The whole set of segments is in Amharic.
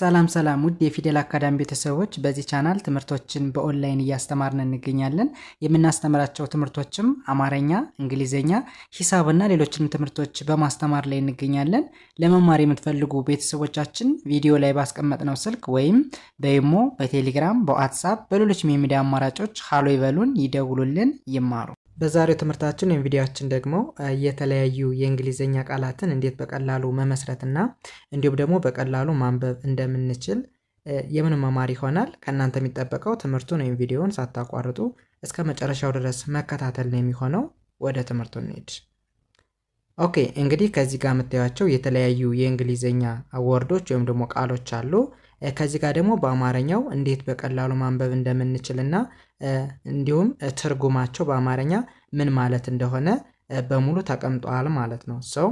ሰላም ሰላም ውድ የፊደል አካዳሚ ቤተሰቦች፣ በዚህ ቻናል ትምህርቶችን በኦንላይን እያስተማርን እንገኛለን። የምናስተምራቸው ትምህርቶችም አማርኛ፣ እንግሊዝኛ፣ ሂሳብና ሌሎችንም ትምህርቶች በማስተማር ላይ እንገኛለን። ለመማር የምትፈልጉ ቤተሰቦቻችን ቪዲዮ ላይ ባስቀመጥነው ስልክ ወይም በይሞ፣ በቴሌግራም፣ በዋትሳፕ፣ በሌሎች የሚዲያ አማራጮች ሀሎ ይበሉን፣ ይደውሉልን፣ ይማሩ። በዛሬው ትምህርታችን ወይም ቪዲዮችን ደግሞ የተለያዩ የእንግሊዝኛ ቃላትን እንዴት በቀላሉ መመስረትና እንዲሁም ደግሞ በቀላሉ ማንበብ እንደምንችል የምንመማር ይሆናል። ከእናንተ የሚጠበቀው ትምህርቱን ወይም ቪዲዮውን ሳታቋርጡ እስከ መጨረሻው ድረስ መከታተል ነው የሚሆነው። ወደ ትምህርቱ እንሂድ። ኦኬ እንግዲህ ከዚህ ጋር የምታዩቸው የተለያዩ የእንግሊዝኛ ወርዶች ወይም ደግሞ ቃሎች አሉ። ከዚህ ጋር ደግሞ በአማርኛው እንዴት በቀላሉ ማንበብ እንደምንችልና እንዲሁም ትርጉማቸው በአማርኛ ምን ማለት እንደሆነ በሙሉ ተቀምጠዋል ማለት ነው። ሰው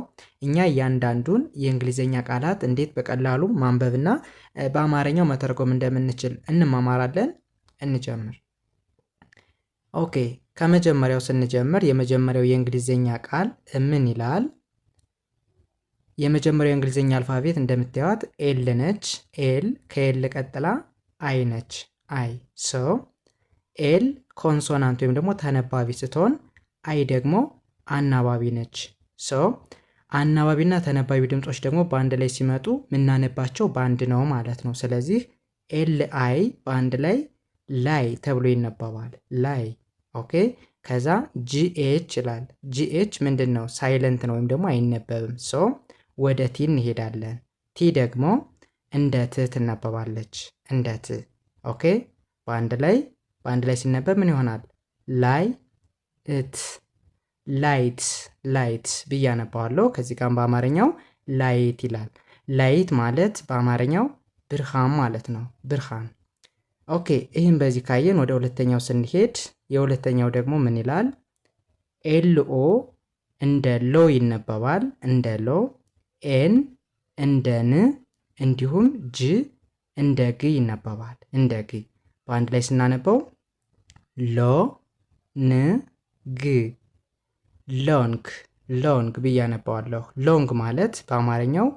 እኛ እያንዳንዱን የእንግሊዝኛ ቃላት እንዴት በቀላሉ ማንበብና በአማርኛው መተርጎም እንደምንችል እንማማራለን። እንጀምር። ኦኬ ከመጀመሪያው ስንጀምር የመጀመሪያው የእንግሊዝኛ ቃል ምን ይላል? የመጀመሪያው እንግሊዝኛ አልፋቤት እንደምታዩት ኤል ነች። ኤል ከኤል ቀጥላ አይ ነች። አይ ሶ ኤል ኮንሶናንት ወይም ደግሞ ተነባቢ ስትሆን አይ ደግሞ አናባቢ ነች። ሶ አናባቢና ተነባቢ ድምጾች ደግሞ በአንድ ላይ ሲመጡ የምናነባቸው በአንድ ነው ማለት ነው። ስለዚህ ኤል አይ በአንድ ላይ ላይ ተብሎ ይነበባል። ላይ ኦኬ። ከዛ ጂኤች ይላል። ጂኤች ምንድን ነው? ሳይለንት ነው ወይም ደግሞ አይነበብም። ሶ ወደ ቲ እንሄዳለን። ቲ ደግሞ እንደ ት ትነበባለች። እንደ ት ኦኬ። በአንድ ላይ በአንድ ላይ ሲነበብ ምን ይሆናል? ላይ እት ላይት ላይት ብዬ አነባዋለሁ። ከዚህ ጋር በአማርኛው ላይት ይላል። ላይት ማለት በአማርኛው ብርሃን ማለት ነው። ብርሃን ኦኬ። ይህም በዚህ ካየን ወደ ሁለተኛው ስንሄድ የሁለተኛው ደግሞ ምን ይላል? ኤልኦ እንደ ሎ ይነበባል። እንደ ሎ ኤን እንደ ን እንዲሁም ጅ እንደ ግ ይነበባል። እንደ ግ በአንድ ላይ ስናነበው ሎ ን ግ ሎንግ ሎንግ ብዬ አነባዋለሁ። ሎንግ ማለት በአማርኛው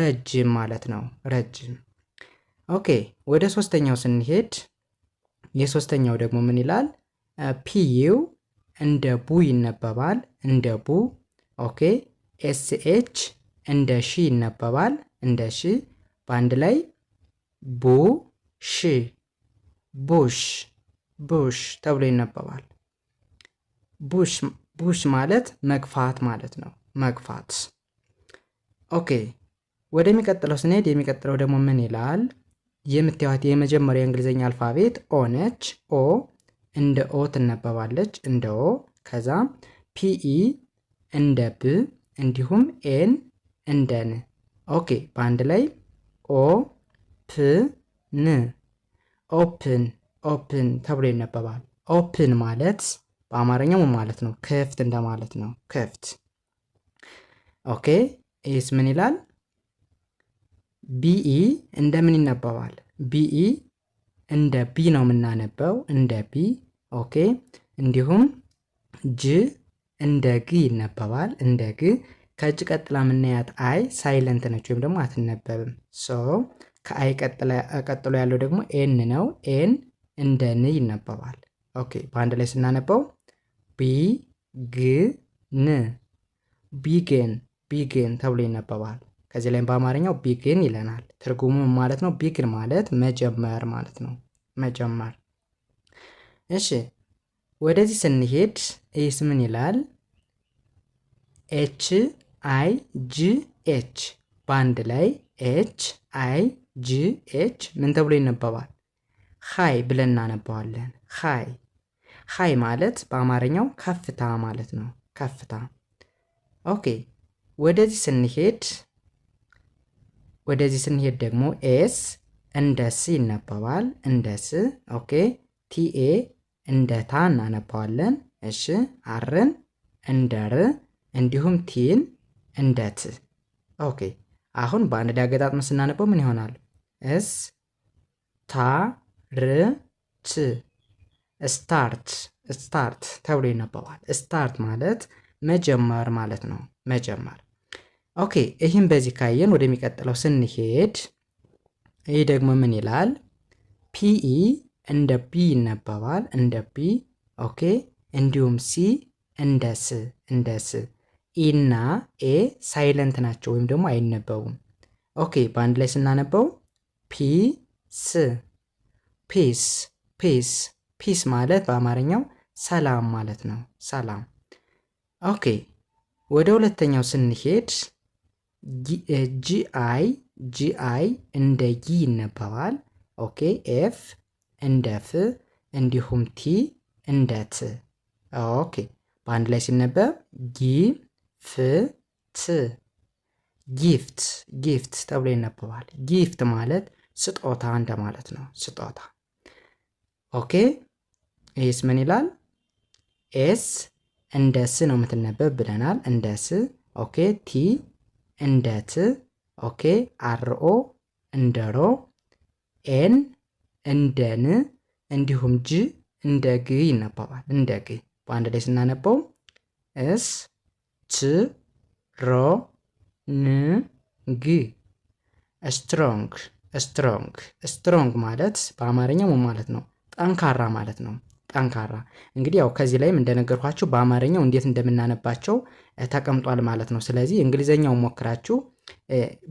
ረጅም ማለት ነው። ረጅም። ኦኬ ወደ ሶስተኛው ስንሄድ የሶስተኛው ደግሞ ምን ይላል? ፒዩ እንደ ቡ ይነበባል። እንደ ቡ ኦኬ ኤስኤች እንደ ሺ ይነበባል። እንደ ሺ በአንድ ላይ ቡ ሺ ቡሽ ቡሽ ተብሎ ይነበባል። ቡሽ ቡሽ ማለት መግፋት ማለት ነው። መግፋት። ኦኬ ወደሚቀጥለው ስንሄድ የሚቀጥለው ደግሞ ምን ይላል? የምታዩት የመጀመሪያ የእንግሊዝኛ አልፋቤት ኦ ነች። ኦ እንደ ኦ ትነበባለች። እንደ ኦ ከዛ ፒኢ እንደ ብ እንዲሁም ኤን እንደ ን። ኦኬ በአንድ ላይ ኦ ፕ ን ኦፕን ኦፕን ተብሎ ይነበባል። ኦፕን ማለት በአማርኛው ማለት ነው ክፍት እንደማለት ነው። ክፍት ኦኬ። ይህስ ምን ይላል? ቢኢ እንደምን ይነበባል? ቢኢ እንደ ቢ ነው የምናነበው እንደ ቢ። ኦኬ። እንዲሁም ጅ እንደ ግ ይነበባል እንደ ግ ከእጅ ቀጥላ የምናያት አይ ሳይለንት ነች ወይም ደግሞ አትነበብም። ሶ ከአይ ቀጥሎ ያለው ደግሞ ኤን ነው። ኤን እንደ ን ይነበባል። ኦኬ በአንድ ላይ ስናነበው ቢ ግ ን ቢግን ቢግን ተብሎ ይነበባል። ከዚህ ላይም በአማርኛው ቢግን ይለናል። ትርጉሙ ማለት ነው ቢግን ማለት መጀመር ማለት ነው መጀመር። እሺ ወደዚህ ስንሄድ ይስምን ምን ይላል ኤች አይ ጂ ኤች በአንድ ላይ ኤች አይ ጂ ኤች ምን ተብሎ ይነበባል? ሀይ ብለን እናነባዋለን። ሀይ ሀይ ማለት በአማርኛው ከፍታ ማለት ነው። ከፍታ። ኦኬ ወደዚህ ስንሄድ ወደዚህ ስንሄድ ደግሞ ኤስ እንደ ስ ይነበባል። እንደ ስ። ኦኬ ቲኤ እንደ ታ እናነባዋለን። እሺ አርን እንደ ር እንዲሁም ቲን እንደ ት። ኦኬ አሁን በአንድ ላይ አገጣጥመን ስናነበው ምን ይሆናል? እስ ታ ር ት ስታርት ስታርት ተብሎ ይነበባል። ስታርት ማለት መጀመር ማለት ነው። መጀመር ኦኬ። ይህም በዚህ ካየን ወደሚቀጥለው ስንሄድ ይህ ደግሞ ምን ይላል? ፒኢ እንደ ቢ ይነበባል። እንደ ቢ ኦኬ። እንዲሁም ሲ እንደ ስ እንደ ስ ኢና ኤ ሳይለንት ናቸው ወይም ደግሞ አይነበቡም። ኦኬ በአንድ ላይ ስናነበው ፒስ ፒስ ፒስ ፒስ ማለት በአማርኛው ሰላም ማለት ነው። ሰላም። ኦኬ ወደ ሁለተኛው ስንሄድ ጂአይ ጂአይ እንደ ጊ ይነበባል። ኦኬ ኤፍ እንደ ፍ እንዲሁም ቲ እንደ ት። ኦኬ በአንድ ላይ ሲነበብ ጊ ፍት ጊፍት ጊፍት ተብሎ ይነበባል። ጊፍት ማለት ስጦታ እንደማለት ነው። ስጦታ ኦኬ። ይህስ ምን ይላል? ኤስ እንደ ስ ነው የምትነበብ ብለናል። እንደ ስ ኦኬ። ቲ እንደ ት ኦኬ። አርኦ እንደ ሮ፣ ኤን እንደ ን፣ እንዲሁም ጅ እንደ ግ ይነበባል። እንደ ግ በአንድ ላይ ስናነበው እስ ስትሮንግ ስትሮንግ ስትሮንግ ስትሮንግ ማለት በአማርኛ ምን ማለት ነው? ጠንካራ ማለት ነው። ጠንካራ እንግዲህ ያው ከዚህ ላይም እንደነገርኳችሁ በአማርኛው እንዴት እንደምናነባቸው ተቀምጧል ማለት ነው። ስለዚህ እንግሊዘኛው ሞክራችሁ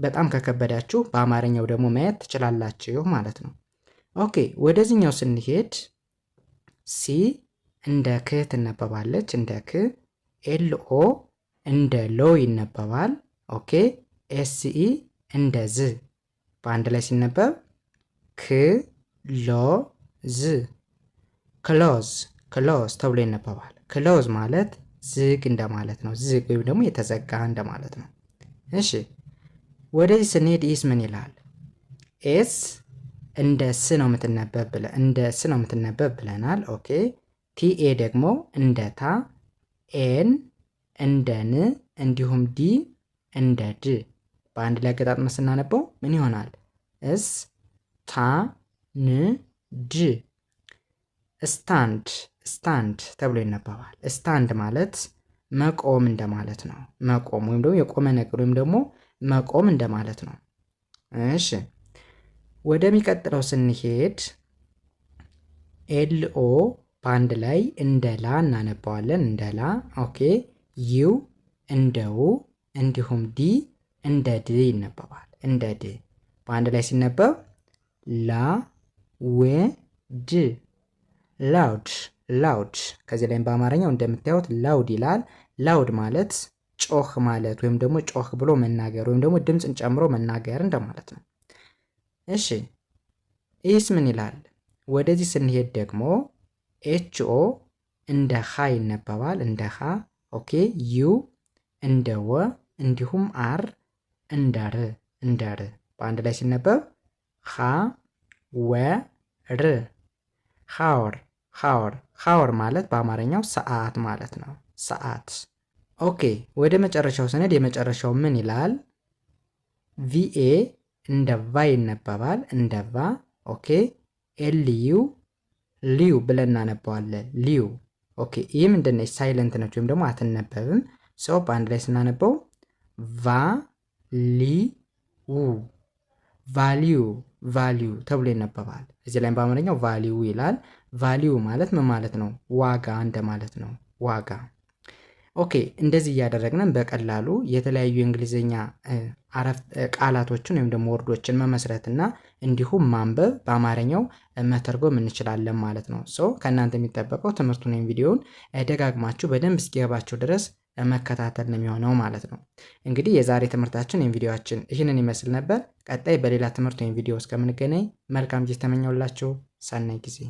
በጣም ከከበዳችሁ በአማርኛው ደግሞ ማየት ትችላላችሁ ማለት ነው። ኦኬ ወደዚህኛው ስንሄድ ሲ እንደ ክ ትነበባለች። እንደ ክ ኤልኦ እንደ ሎ ይነበባል። ኦኬ ኤስኢ እንደ ዝ በአንድ ላይ ሲነበብ ክ ሎ ዝ ክሎዝ ክሎዝ ተብሎ ይነበባል። ክሎዝ ማለት ዝግ እንደማለት ነው። ዝግ ወይም ደግሞ የተዘጋ እንደማለት ነው። እሺ ወደዚህ ስንሄድ ኢስ ምን ይላል? ኤስ እንደ ስ ነው የምትነበብ ብለ እንደ ስ ነው የምትነበብ ብለናል። ኦኬ ቲኤ ደግሞ እንደ ታ ኤን እንደ ን እንዲሁም ዲ እንደ ድ በአንድ ላይ አገጣጥመን ስናነበው ምን ይሆናል? እስ ታ ን ድ ስታንድ ስታንድ ተብሎ ይነበባል። ስታንድ ማለት መቆም እንደማለት ነው። መቆም ወይም ደግሞ የቆመ ነገር ወይም ደግሞ መቆም እንደማለት ነው። እሺ ወደሚቀጥለው ስንሄድ ኤልኦ በአንድ ላይ እንደ ላ እናነባዋለን። እንደ ላ ኦኬ ዩ እንደ ው እንዲሁም ዲ እንደ ድ ይነበባል። እንደ ድ በአንድ ላይ ሲነበብ ላ ዌ ድ ላውድ ላውድ። ከዚህ ላይም በአማርኛው እንደምታዩት ላውድ ይላል። ላውድ ማለት ጮህ ማለት ወይም ደግሞ ጮህ ብሎ መናገር ወይም ደግሞ ድምፅን ጨምሮ መናገር እንደማለት ነው። እሺ ይህስ ምን ይላል? ወደዚህ ስንሄድ ደግሞ ኤችኦ እንደ ሀ ይነበባል። እንደ ሀ ኦኬ ዩ እንደ ወ እንዲሁም አር እንደ ር እንደ ር በአንድ ላይ ሲነበብ ሀ ወ ር ሀወር ሀወር ሀወር ማለት በአማርኛው ሰዓት ማለት ነው። ሰዓት። ኦኬ ወደ መጨረሻው ሰነድ የመጨረሻው ምን ይላል? ቪኤ እንደ ቫ ይነበባል። እንደ ቫ ኦኬ። ኤልዩ ሊዩ ብለን እናነባዋለን። ሊዩ ኦኬ ይህ ምንድን ነች? ሳይለንት ነች ወይም ደግሞ አትነበብም። ሰው በአንድ ላይ ስናነበው ቫሊው ቫሊዩ ቫሊዩ ተብሎ ይነበባል። እዚህ ላይም በአማርኛው ቫሊዩ ይላል። ቫሊዩ ማለት ምን ማለት ነው? ዋጋ እንደማለት ነው። ዋጋ ኦኬ እንደዚህ እያደረግንን በቀላሉ የተለያዩ የእንግሊዝኛ ቃላቶችን ወይም ደግሞ ወርዶችን መመስረትና እንዲሁም ማንበብ በአማርኛው መተርጎም እንችላለን ማለት ነው። ሰው ከእናንተ የሚጠበቀው ትምህርቱን ወይም ቪዲዮውን ደጋግማችሁ በደንብ እስኪገባችሁ ድረስ መከታተል ነው የሚሆነው ማለት ነው። እንግዲህ የዛሬ ትምህርታችን ወይም ቪዲዮችን ይህንን ይመስል ነበር። ቀጣይ በሌላ ትምህርት ወይም ቪዲዮ እስከምንገናኝ መልካም ጊዜ ተመኘውላችሁ። ሰናይ ጊዜ